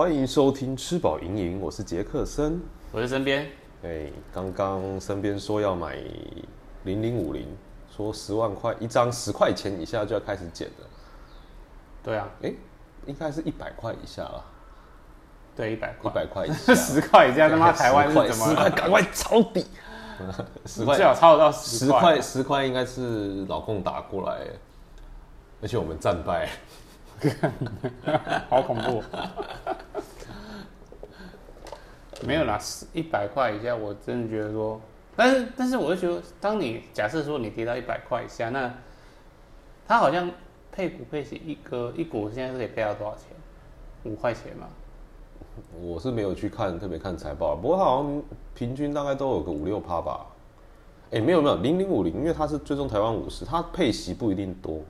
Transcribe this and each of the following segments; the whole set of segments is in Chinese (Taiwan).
歡迎收聽吃飽盈盈《吃飽營營，我是杰克森，我是森編。哎、欸，剛剛森編說要買零零五零，說十萬塊一張，十塊錢以下就要開始撿的。對啊，哎、欸，應該是一百塊以下了。對，一百塊，一百塊以下，十塊以下他媽 台灣是怎麼十塊？十塊趕快抄底， 十塊塊最好抄得到十塊，十塊應該是老共打過來，而且我們戰敗。 好恐怖喔！ 沒有啦，一百塊以下，我真的覺得說，但是但是，我就覺得，當你假設說你跌到一百塊以下，那他好像配股配息一個一股，現在是可以配到多少錢？五塊錢嗎？我是沒有去看特別看財報，不過他好像平均大概都有個五六趴吧。哎、欸，沒有沒有零零五零，50，因為它是追蹤台灣五十，它配息不一定多。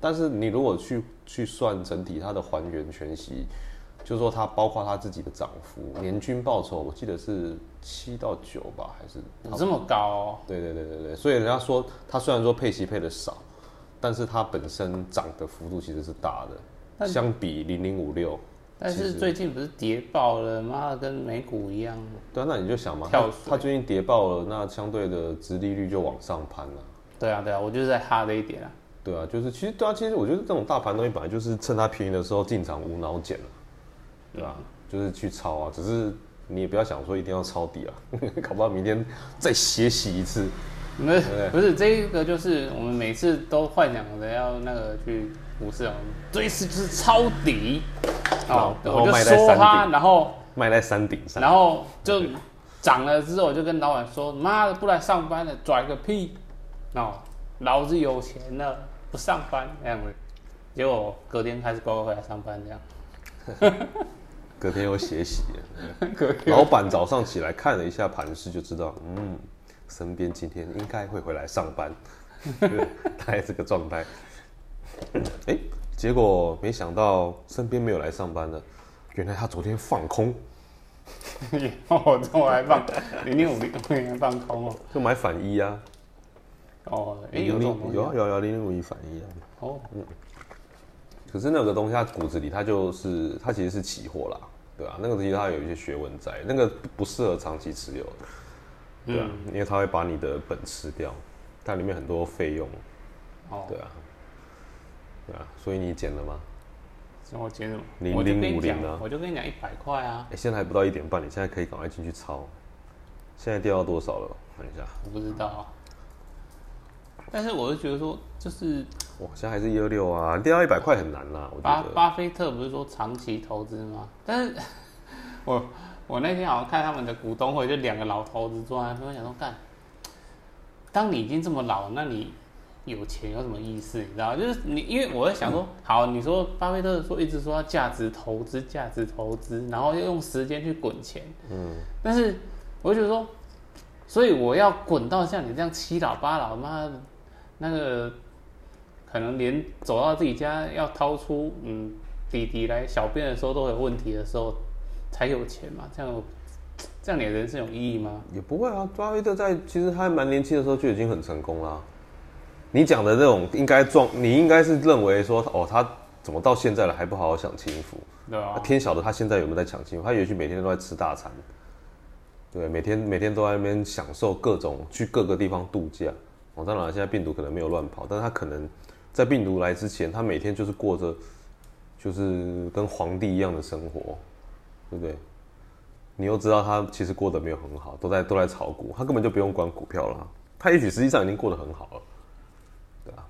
但是你如果去去算整體它的還原全息，就是說它包括它自己的漲幅，年均報酬我記得是七到九吧，還是？怎這麼高、哦？對對對對對，所以人家說它雖然說配息配的少，但是它本身漲的幅度其實是大的，但相比零零五六。但是實最近不是跌爆了嗎，嗎跟美股一樣。對、啊，那你就想嘛水它，它最近跌爆了，那相對的殖利率就往上攀了。嗯、對啊對啊，我就是在哈這一點啊。對啊，就是其實對啊，其實我覺得這種大盤東西本來就是趁它便宜的時候進場無腦撿、啊、對吧、啊？就是去抄啊，只是你也不要想說一定要抄底啊，呵呵，搞不好明天再血洗一次。沒不是，對不是這一個就是我們每次都幻想的要那個去，不是啊，這一次就是抄底就、哦、然後賣在山頂，後頂上，然後就漲了之後，我就跟老闆說：“對對媽的，不來上班了，拽個屁哦，老子有錢了。”不上班，這樣，結果隔天開始乖乖回來上班這樣。 隔天又血洗了。 隔天 老闆早上起來看了一下盤勢，就知道，嗯，森編今天應該會回來上班。大概 這個狀態、 欸，結果沒想到森編沒有來上班了。原來他昨天放空。哦， 這麼害怕？你那五天放空哦，就買反一啊。哦、oh, 欸，有零、啊、有有有零零五一反一哦，可是那個東西它骨子裡它就是它其實是期貨啦，對啊。那個東西它有一些學問在，那個不適合長期持有，對啊，嗯、因為它會把你的本吃掉，但裡面很多費用。哦，對啊，對啊。所以你減了嗎？我減了，零零五零,零啊我，我就跟你講一百塊啊。哎、欸，現在還不到一點半，你現在可以趕快進去抄。現在掉到多少了？看一下，我、嗯、不知道。但是我就覺得說，就是，我現在還是一二六啊，跌到一百塊很難啦、啊。巴，我記得巴菲特不是說長期投資嗎？但是，我我那天好像看他們的股東會，就兩個老頭子坐，他就想說，幹，當你已經這麼老，那你有錢有什麼意思？你知道，就是你，因為我在想說，嗯、好，你說巴菲特說一直說要價值投資，價值投資，然後又用時間去滾錢，嗯，但是我就覺得說，所以我要滾到像你這樣七老八老，媽的。那個可能連走到自己家要掏出嗯弟弟來小便的時候都有問題的時候才有錢嘛？這樣這樣，你的人生有意義嗎？也不會啊，巴菲特在其實他還蠻年輕的時候就已經很成功啦。你講的那種應該撞，你應該是認為說哦，他怎麼到現在了還不好好享清福？對啊。啊天曉得他現在有沒有在享清福？他也許每天都在吃大餐，對，每天每天都在那邊享受各種去各個地方度假。哦，當然，現在病毒可能沒有亂跑，但是他可能在病毒來之前，他每天就是過着，就是跟皇帝一樣的生活，對不對？你又知道他其實過得沒有很好，都在都在炒股，他根本就不用管股票了，他也許實際上已經過得很好了，對吧？啊？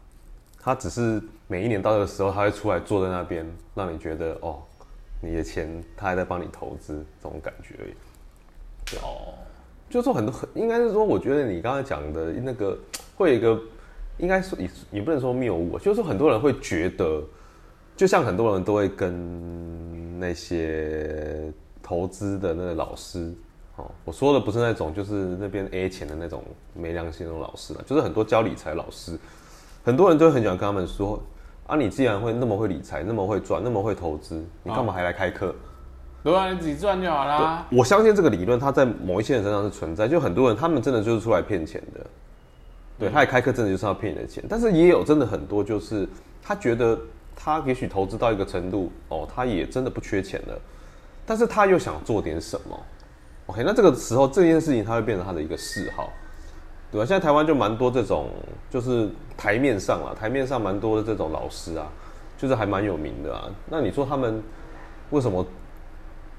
他只是每一年到那個時候，他會出來坐在那邊，讓你覺得哦，你的錢他還在幫你投資，這種感覺而已。哦、啊。就說很多很，應該是說，我覺得你剛才講的那個會有一個，應該說也，也也不能說謬誤啊，就是說很多人會覺得，就像很多人都會跟那些投資的那個老師，哦，我說的不是那種就是那邊 A 錢的那種沒良心的老師啊，就是很多教理財的老師，很多人都很喜歡跟他們說，啊，你既然會那麼會理財，那麼會賺，那麼會投資，你幹嘛還來開課？哦對啊，你自己賺就好啦。我相信這個理論，它在某一些人身上是存在的。就很多人，他們真的就是出來騙錢的。對，他也開課，真的就是要騙你的錢。嗯。但是也有真的很多，就是他覺得他也許投資到一個程度，哦，他也真的不缺錢了。但是他又想做點什麼。OK，那這個時候這件事情，他會變成他的一個嗜好，對啊，現在台灣就蠻多這種，就是台面上啊，台面上蠻多的這種老師啊，就是還蠻有名的啊。那你說他們為什麼？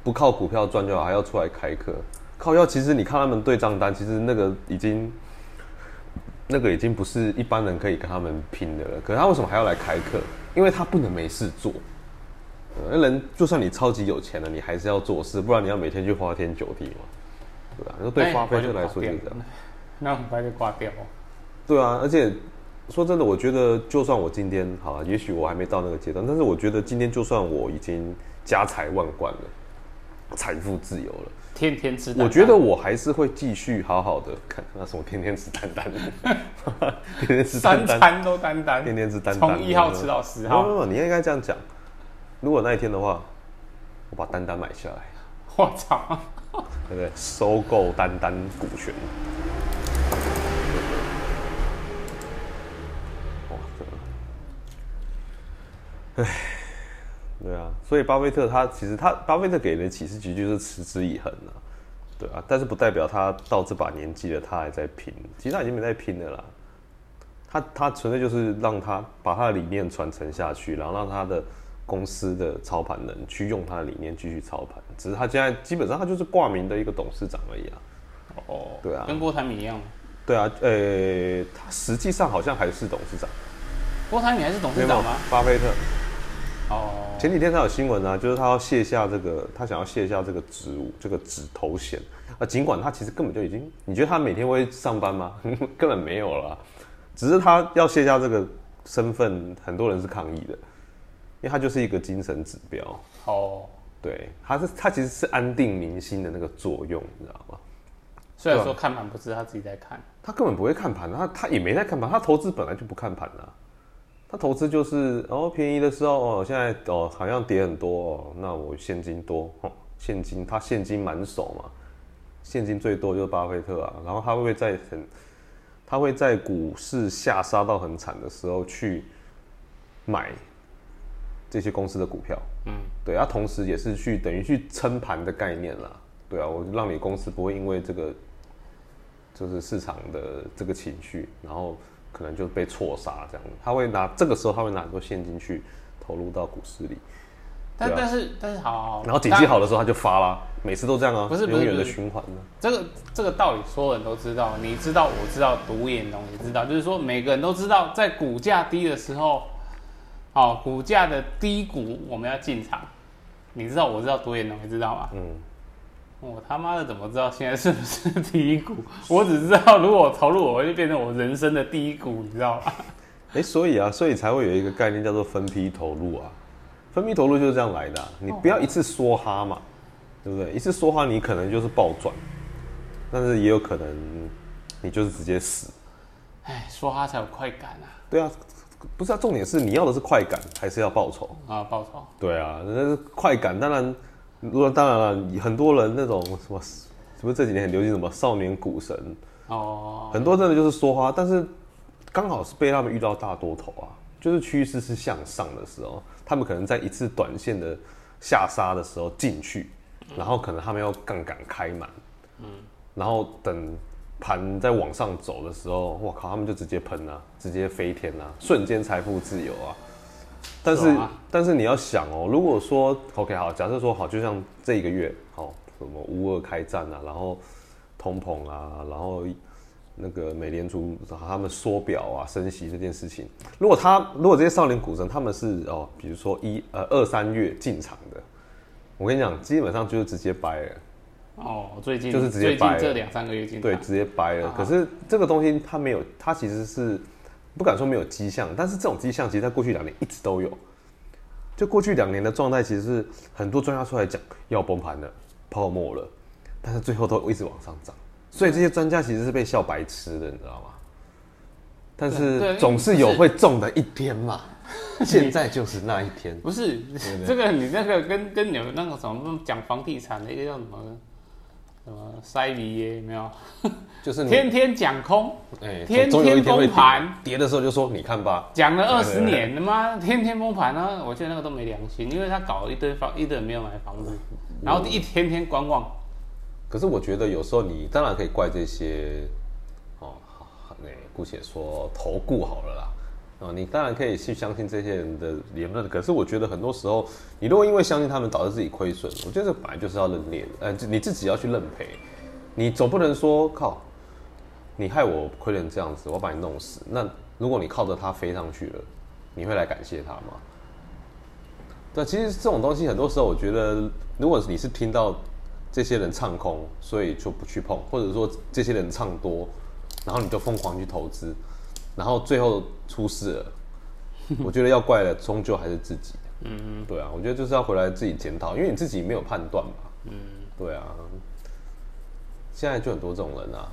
不靠股票賺就好，還要出來開課。靠要，其實你看他們對賬單，其實那個已經，那個已經不是一般人可以跟他們拼的了。可是他為什麼還要來開課？因為他不能沒事做。嗯、人就算你超級有錢了，你還是要做事，不然你要每天去花天酒地對吧？啊？那對巴菲特來說就是這樣，那很快就掛掉對啊，而且說真的，我覺得就算我今天好，也許我還沒到那個階段，但是我覺得今天就算我已經家財萬貫了。財富自由了，天天吃。我覺得我還是會繼續好好的看，那什麼天天吃丹丹，天天吃丹丹，三餐都丹丹，天天吃丹丹從一號吃到十號，嗯。你、嗯嗯嗯嗯嗯，應該這樣講。如果那一天的話，我把丹丹買下來。我操哇塞！對不對？收購丹丹股權。 哇，真的。哎。對啊，所以巴菲特他其實他，他巴菲特給的啟示其實就是持之以恆啊，對啊，但是不代表他到這把年紀了他還在拼，其實他已經沒在拼了啦，他他純粹就是讓他把他的理念傳承下去，然後讓他的公司的操盤人去用他的理念繼續操盤，只是他現在基本上他就是掛名的一個董事長而已啊。哦，對啊，跟郭台銘一樣嗎？對啊，呃、欸欸，他實際上好像還是董事長，郭台銘還是董事長嗎？有有巴菲特。哦，oh. 前幾天才有新聞啊，就是他要卸下這個，他想要卸下這個職務，這個指頭銜啊。儘管他其實根本就已經，你覺得他每天會上班嗎？ 根本沒有了，只是他要卸下這個身份，很多人是抗議的，因為他就是一個精神指標。哦，oh. 對，他是他其實是安定民心的那個作用，你知道嗎？雖然說看盤不是他自己在看，他根本不會看盤，他他也沒在看盤，他投資本來就不看盤了啊。他投資就是哦，便宜的時候哦，現在哦好像跌很多哦，那我現金多哦，現金他現金滿手嘛，現金最多就是巴菲特啊，然後他會在很他會在股市下殺到很慘的時候去買這些公司的股票，嗯，對，他、啊、同時也是去等於去撐盤的概念啦，對啊，我就讓你公司不會因為這個就是市場的這個情緒，然後。可能就被錯殺這樣，他會拿，這個時候他會拿很多現金去投入到股市裡，啊、但但是但是好，好然後底氣好的時候他就發了，但每次都這樣啊，不是永遠的循環呢、啊、這個這個道理所有人都知道，你知道我知道獨眼龍也知道，就是說每個人都知道，在股價低的時候，哦，股價的低谷我們要進場，你知道我知道獨眼龍你知道嗎？嗯。我、喔、他媽的怎麼知道現在是不是低谷？我只知道，如果投入我，我會變成我人生的低谷。你知道吧？哎、欸，所以啊，所以才會有一個概念叫做分批投入啊。分批投入就是這樣來的、啊，你不要一次梭哈嘛，哦、對不對？一次梭哈，你可能就是暴賺，但是也有可能你就是直接死。哎，梭哈才有快感啊！對啊，不是啊，重點是你要的是快感，還是要報酬啊？報酬。對啊，那是快感，當然。如果，當然了，很多人那種什麼，什麼這幾年很流行什麼少年股神哦，oh. 很多真的就是說花，但是剛好是被他們遇到大多頭啊，就是趨勢是向上的時候，他們可能在一次短線的下殺的時候進去，然後可能他們要槓桿開滿，然後等盤再往上走的時候，我靠，他們就直接噴了，啊，直接飛天啊，瞬間財富自由啊！但是,是、啊、但是你要想哦、喔，如果說 OK 好，假設說好，就像這一個月，好、喔、什麼烏俄開戰啊，然後通膨啊，然後那個美聯儲他們縮表啊、升息這件事情，如果他如果這些少年股神他們是哦、喔，比如說一呃二三月進場的，我跟你講，基本上就是直接掰了。哦，最近就是直接掰了。最近這兩三個月進場。對，直接掰了。啊啊可是這個東西它沒有，它其實是。不敢說沒有跡象，但是這種跡象其實在過去兩年一直都有。就過去兩年的狀態，其實是很多專家出來講要崩盤了，泡沫了，但是最後都一直往上漲，所以這些專家其實是被笑白痴的，你知道嗎？但是總是有會中的一天嘛， 現在就是那一天。 不是，對不對？這個你那個跟跟你們那個什麼講房地產的一，那個叫什麼？什麼塞米耶沒有？ 就是天天講空，哎、欸，天天崩盤，跌的時候就說你看吧，講了二十年嗎，他媽 天天崩盤啊！我覺得那個都沒良心， 因為他搞了一堆房，一堆人沒有買房子， 然後一天天觀望。可是我覺得有時候你當然可以怪這些，哦，好、呃，那姑且說投顧好了啦。啊、哦，你當然可以去相信這些人的言論，可是我覺得很多時候，你如果因為相信他們導致自己虧損，我覺得這本來就是要認臉，呃，你自己要去認賠，你總不能說靠，你害我虧成這樣子，我把你弄死。那如果你靠着它飛上去了，你會來感謝他嗎？對，其實這種東西很多時候，我覺得，如果你是聽到這些人唱空，所以就不去碰，或者說這些人唱多，然後你就瘋狂去投資。然後最後出事了，我覺得要怪的終究還是自己。嗯，對啊，我覺得就是要回來自己檢討，因為你自己沒有判斷嘛。嗯，對啊，現在就很多這種人啊。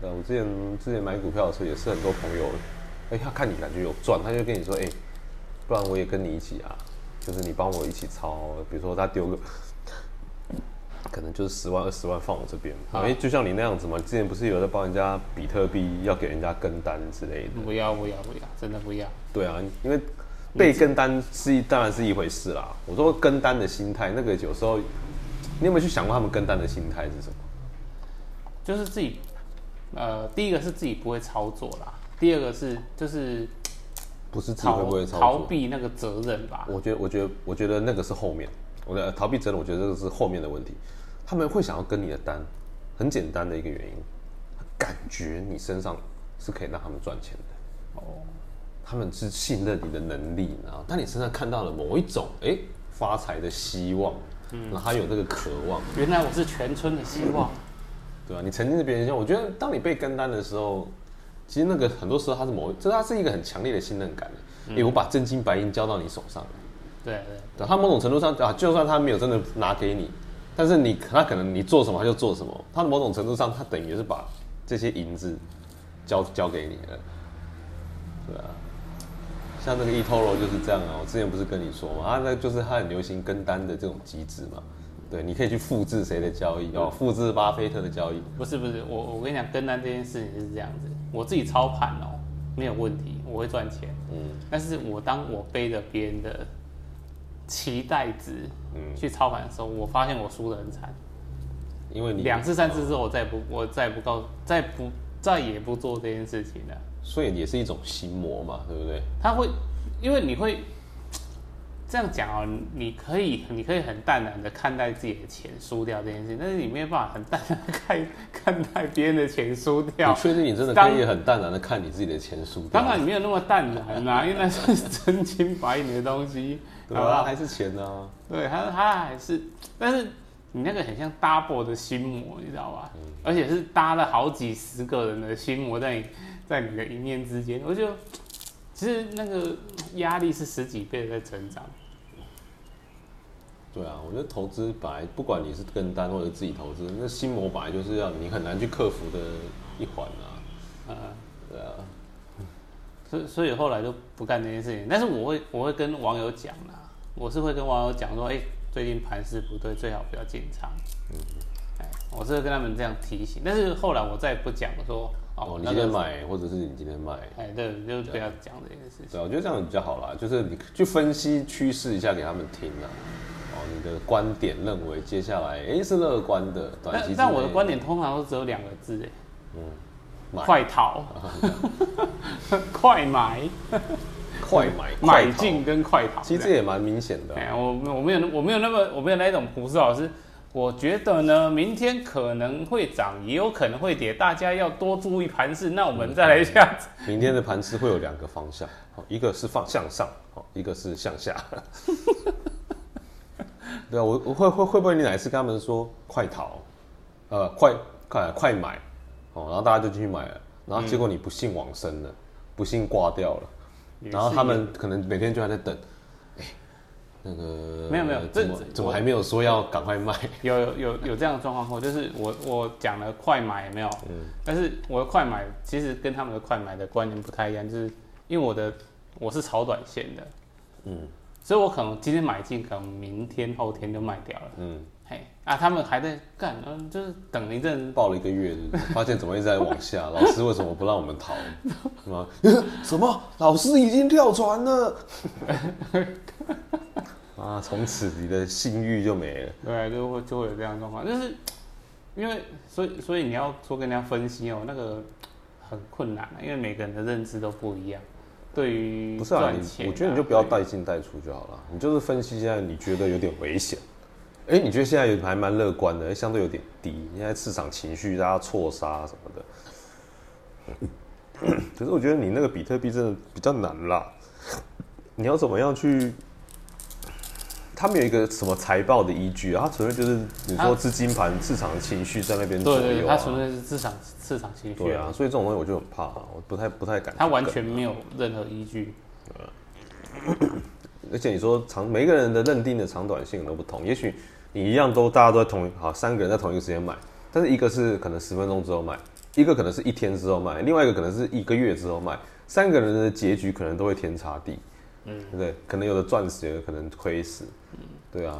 我之前之前買股票的時候也是很多朋友，哎，他看你感覺有賺，他就跟你說，哎，不然我也跟你一起啊，就是你幫我一起炒，比如說他丟個。可能就是十萬二十萬放我這邊，因為好、欸、就像你那樣子嘛。之前不是有在幫人家比特幣要給人家跟單之類的？不要不要不要，不要，真的不要。對啊，因為被跟單是一當然是一回事啦。我說跟單的心態，那個有時候你有沒有去想過他們跟單的心態是什麼？就是自己呃，第一個是自己不會操作啦，第二個是就是不是自己會不會操作逃避那個責任吧？我覺得我覺得我覺得那個是後面，我的逃避責任，我覺得這個是後面的問題。.他們會想要跟你的單，很簡單的一個原因，感覺你身上是可以讓他們賺錢的哦。他們是信任你的能力，然後當你身上看到了某一種哎、欸、發財的希望，然後還有這個渴望。嗯、對原來我是全村的希望。嗯、對啊，你曾經是別人家。我覺得當你被跟單的時候，其實那個很多時候他是某，一是他是一個很強烈的信任感。因為、嗯欸、我把真金白銀交到你手上對，對對。他某種程度上啊，就算他沒有真的拿給你。但是你他可能你做什麼他就做什麼，他某種程度上他等於是把這些銀子交交給你了，對啊，像那個 eToro 就是這樣啊，我之前不是跟你說嘛，他那就是他很流行跟單的這種機制嘛，對，你可以去複製誰的交易、嗯、哦，複製巴菲特的交易。不是不是，我我跟你講跟單這件事情就是這樣子，我自己操盤哦、喔、沒有問題，我會賺錢，嗯，但是我當我背着別人的。期待值，嗯，去操盤的時候，嗯、我發現我輸的很慘。因為你兩次、啊、三次之後，我再也不我再不告再不再也不做這件事情了。所以也是一種心魔嘛，對不對？他會，因為你會這樣講啊、喔，你可以你可以很淡然的看待自己的錢輸掉這件事情，但是你沒有辦法很淡然的看看待別人的錢輸掉。你確定你真的可以很淡然的看你自己的錢輸掉？當,當然你沒有那麼淡然啦、啊， 因為那是真金白銀的東西。對啊，對啊，還是錢呢、啊。對，他他還是，但是你那個很像 double 的心魔，你知道吧？嗯，而且是搭了好幾十個人的心魔，在在你的一念之間，我就其實那個壓力是十幾倍的在成長。對啊，我覺得投資本來不管你是跟單或者自己投資，那心魔本來就是要你很難去克服的一環啊。啊。嗯所所以後來就不幹這件事情，但是我會我會跟網友講啦，我是會跟網友講說，哎、欸，最近盤勢不對，最好不要進場，嗯嗯。我是會跟他們這樣提醒，但是後來我再也不講，我、喔、說哦，你今天買或者是你今天賣。哎，對，就不要講這件事情。對，我覺得這樣比較好啦，就是你去分析趨勢一下給他們聽啦。你的觀點認為接下來，哎、欸，是樂觀的短期。但我的觀點通常都只有兩個字、欸，嗯買快逃！ 快買！ 快買！快買進跟快逃，其實也蠻明顯的、啊嗯。我沒有我沒有那麼我沒有那麼我沒有那種股市老師。我覺得呢，明天可能會漲，也有可能會跌，大家要多注意盤勢。那我們再來一下子、嗯嗯。明天的盤勢會有兩個方向，好，一個是放向上，好，一個是向下。 對啊，我，我會會會不會你哪一次跟他們說快逃？呃，快快快買！哦、然後大家就進去買了，然後結果你不幸往生了，嗯、不幸掛掉了，是然後他們可能每天就還在等，誒、那個沒有沒有，怎麼這怎麼還沒有說要趕快賣？有有有這樣的狀況或就是我我講了快買沒有，嗯、但是我的快買其實跟他們的快買的觀念不太一樣，就是因為我的我是炒短線的，嗯。所以，我可能今天買進，可能明天、後天就賣掉了。嗯，嘿，啊，他們還在幹，嗯，就是等了一陣。抱了一個月，發現怎麼一直在往下？ 老師為什麼不讓我們逃？什麼？ 什麼？老師已經跳船了？ 啊，從此你的信譽就沒了。對，就會就會有這樣狀況，就是因為，所以，所以你要說跟人家分析哦、喔，那個很困難，因為每個人的認知都不一樣。對於、啊、不是啊，你、我覺得你就不要帶進帶出就好了。對你就是分析一下，你覺得有點危險。誒、欸、你覺得現在也還蠻樂觀的，相對有點低。現在市場情緒、啊，大家錯殺什麼的。 可是我覺得你那個比特幣真的比較難啦，你要怎麼樣去？他沒有一個什麼財報的依據啊，他純粹就是你說資金盤市場的情緒在那邊左右。對對，他純粹是市場市場情緒。對啊，所以這種東西我就很怕，我不太不太敢。他完全沒有任何依據。而且你說長，每個人的認定的長短性都不同。也許你一樣都大家都在同好，三個人在同一個時間買，但是一個是可能十分鐘之後買，一個可能是一天之後買，另外一個可能是一個月之後買，三個人的結局可能都會天差地。嗯、對，對可能有的賺死，有的可能虧死。嗯、對啊，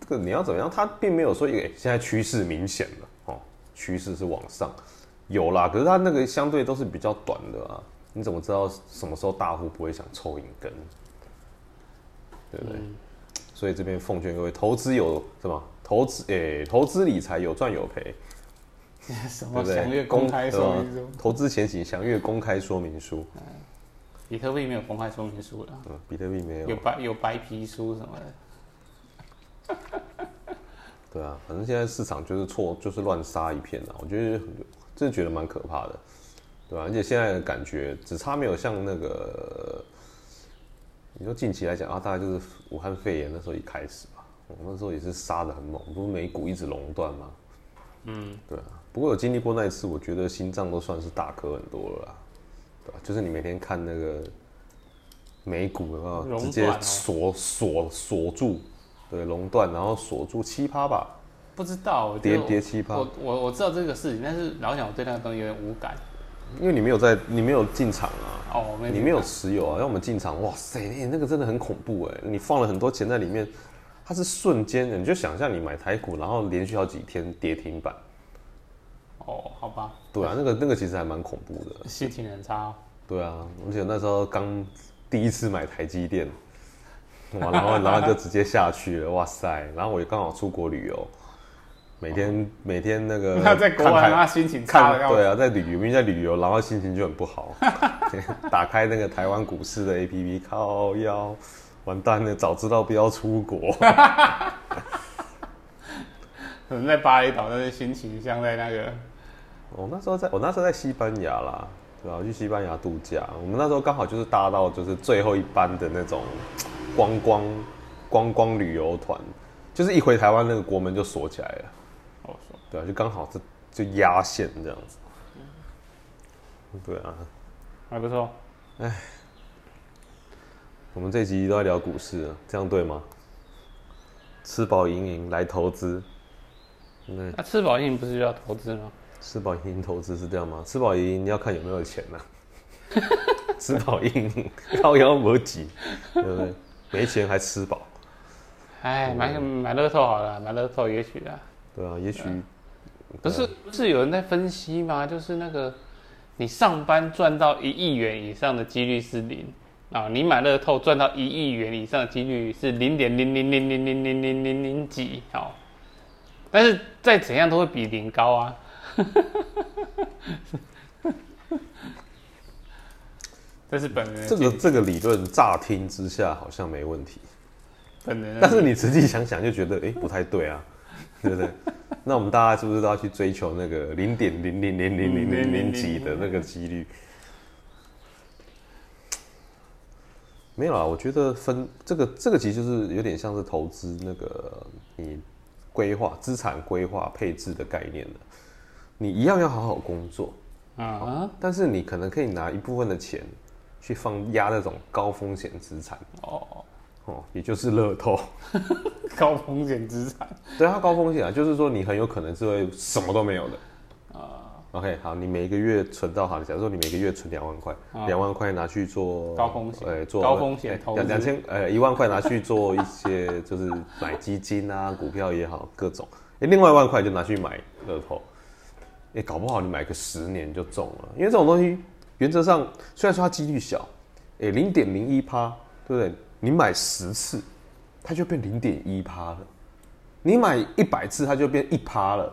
這個你要怎麼樣？他並沒有說，哎，現在趨勢明顯了，哦，趨勢是往上，有啦。可是他那個相對都是比較短的啊，你怎麼知道什麼時候大戶不會想抽一根？對不對？嗯、所以這邊奉勸各位，投資有什麼？投資，哎，投資理財有賺有，賺有賠。什麼詳閱公開說明書？嗯、投資前請詳閱公開說明書。嗯比特幣沒有公開說明書了，啊，嗯，比特幣沒有，有白有白皮書什麼的， 對啊，反正現在市場就是錯，就是亂殺一片啊。我覺得真的覺得蠻可怕的，對吧、啊？而且現在的感覺只差沒有像那個，你說近期來講啊，大概就是武漢肺炎那時候一開始吧，我們那時候也是殺得很猛，不是美股一直熔斷嗎？嗯，對啊，不過有經歷過那一次，我覺得心臟都算是大顆很多了啦。就是你每天看那個美股的話，直接鎖鎖鎖住，對，熔斷，然後鎖住七趴吧？不知道，跌跌七趴，我我我知道這個事情，但是老想我對那個東西有點無感，因為你沒有在，你沒有進場啊。哦，我沒有。你沒有持有啊？要我們進場，哇塞，那個真的很恐怖哎、欸！你放了很多錢在裡面，它是瞬間的。你就想象你買台股，然後連續好幾天跌停板。哦，oh, 好吧。對啊，那個那個其實還蠻恐怖的，心情很差，哦。對啊，而且那時候剛第一次買台積電，哇，然後然後就直接下去了， 哇塞！然後我就剛好出國旅遊，每天、oh. 每天那個那在國台，心情差看對啊，在旅遊，因為在旅遊，然後心情就很不好， 打開那個台灣股市的 APP，靠腰，完蛋了，早知道不要出國。 可能在巴厘島，那些心情像在那個。我、哦、那時候在，我、哦、那時候在西班牙啦，對吧、啊。我去西班牙度假，我們那時候剛好就是搭到就是最後一班的那種觀光觀光，光，光旅遊團，就是一回台灣那個國門就鎖起來了，哦，對啊，就剛好就就壓線這樣子，對啊，還不錯。哎，我們這一集都在聊股市了，這樣對嗎？吃飽盈盈來投資，對，那、啊、吃飽盈盈不是就要投資嗎？吃飽銀投資是這樣嗎？吃飽銀要看有沒有錢吶、啊。 吃飽銀靠腰磨幾， 對不對？沒錢還吃飽？哎唉，嗯、買買樂透好了，買樂透也許啦。對啊，也許、啊嗯。不是不是有人在分析嗎？就是那個你上班賺到一億元以上的幾率是零啊，你買樂透賺到一億元以上的幾率是零點零零零零零零零零零幾好、啊，但是再怎樣都會比零高啊。哈 這是本能、這個。這個這個理論乍聽之下好像沒問題，但是你實際想想就覺得，哎、欸，不太對啊，對不對 那我們大家是不是都要去追求那個零點零零零零零零零幾的那個幾率沒有啊，我覺得分這個這個其實就是有點像是投資那個你規劃資產規劃配置的概念了。你一樣要好好工作，啊、嗯哦，但是你可能可以拿一部分的錢去放押那種高風險資產哦哦，也就是樂透，高風險資產，對啊，它高風險啊，就是說你很有可能是會什麼都沒有的、嗯、OK，好，你每個月存到，好，假如說你每個月存兩萬塊，兩、嗯、萬塊拿去做高風險、欸，做高風險投資，兩、欸、千呃、欸、一萬塊拿去做一些就是買基金啊 股票也好各種、欸，另外一萬塊就拿去買樂透。也、欸、搞不好你買個十年就中了，因為這種東西原則上雖然說它幾率小，哎、欸，零點零一趴，對不對？你買十次，它就變零點一趴了；你買一百次，它就變一趴了，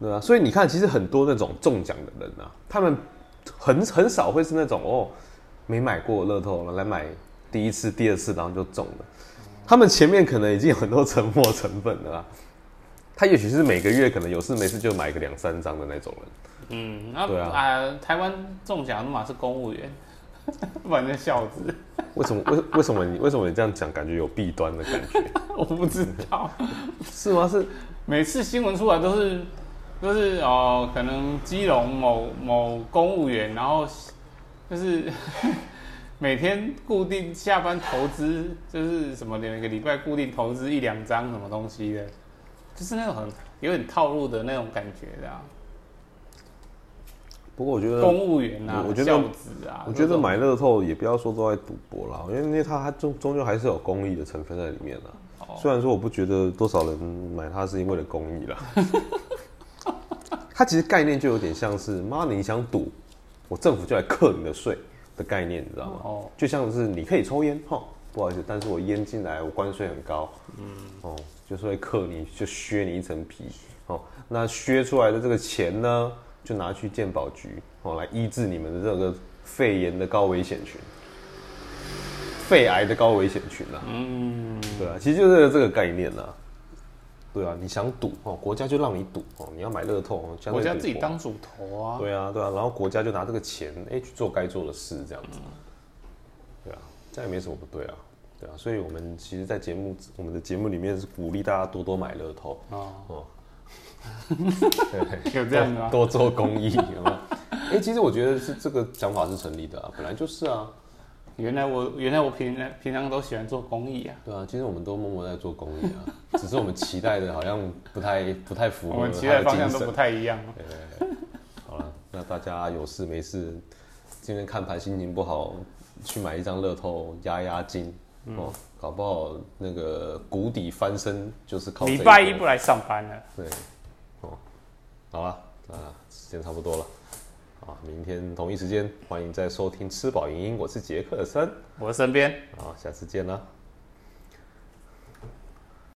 對吧、啊？所以你看，其實很多那種中獎的人啊，他們很很少會是那種哦，沒買過樂透了來買第一次、第二次，然後就中了。他們前面可能已經有很多沉沒成本了、啊。他也許是每個月可能有事沒事就買個兩三張的那種人。嗯，啊啊，呃、台灣中獎的嘛是公務員，反正孝子。為什麼？為為什麼你 為什麼你這樣講，感覺有弊端的感覺？ 我不知道， 是嗎？是每次新聞出來都是都，就是哦，呃，可能基隆某某公務員，然後就是每天固定下班投資，就是什麼兩個禮拜固定投資一兩張什麼東西的。就是那種很有點套路的那種感覺的。不過我覺得公務員吶、啊，我覺得子啊，我覺得買樂透也不要說都在賭博啦，種因為那它它終終究還是有公益的成分在裡面的。Oh. 雖然說我不覺得多少人買它是因為了公益啦。 它其實概念就有點像是媽你想賭，我政府就來課你的稅的概念，你知道嗎？哦，oh. 就像是你可以抽煙、哦、不好意思，但是我煙進來我關稅很高，嗯，mm. 哦。就是會克你，就削你一層皮哦。那削出來的這個錢呢，就拿去健保局哦，來醫治你們的這個肺炎的高危險群，肺癌的高危險群啊。嗯，對啊，其實就是、這個、這個概念啊。對啊，你想賭哦，國家就讓你賭哦，你要買樂透哦，國家自己當主頭啊。對啊，對啊，然後國家就拿這個錢、欸、去做該做的事，這樣子。對啊，這樣也沒什麼不對啊。所以，我們其實在節目，在節目我們的節目裡面是鼓勵大家多多買樂透哦，對，有這樣嗎？多做公益，哎、 欸，其實我覺得是這個講法是成立的啊，本來就是啊。原來我原來我平平常都喜歡做公益啊。對啊，其實我們都默默在做公益啊， 只是我們期待的好像不太不太符合，我們期待的方向都不太一樣，對對對。好了，那大家有事沒事，今天看盤心情不好，去買一張樂透壓壓驚。壓壓哦，搞不好那個谷底翻身就是靠禮拜一不來上班了。對，哦，好啦，啊，時間差不多了，啊，明天同一時間歡迎再收聽《吃飽營營》，我是杰克森，我的身邊，啊，下次見啦。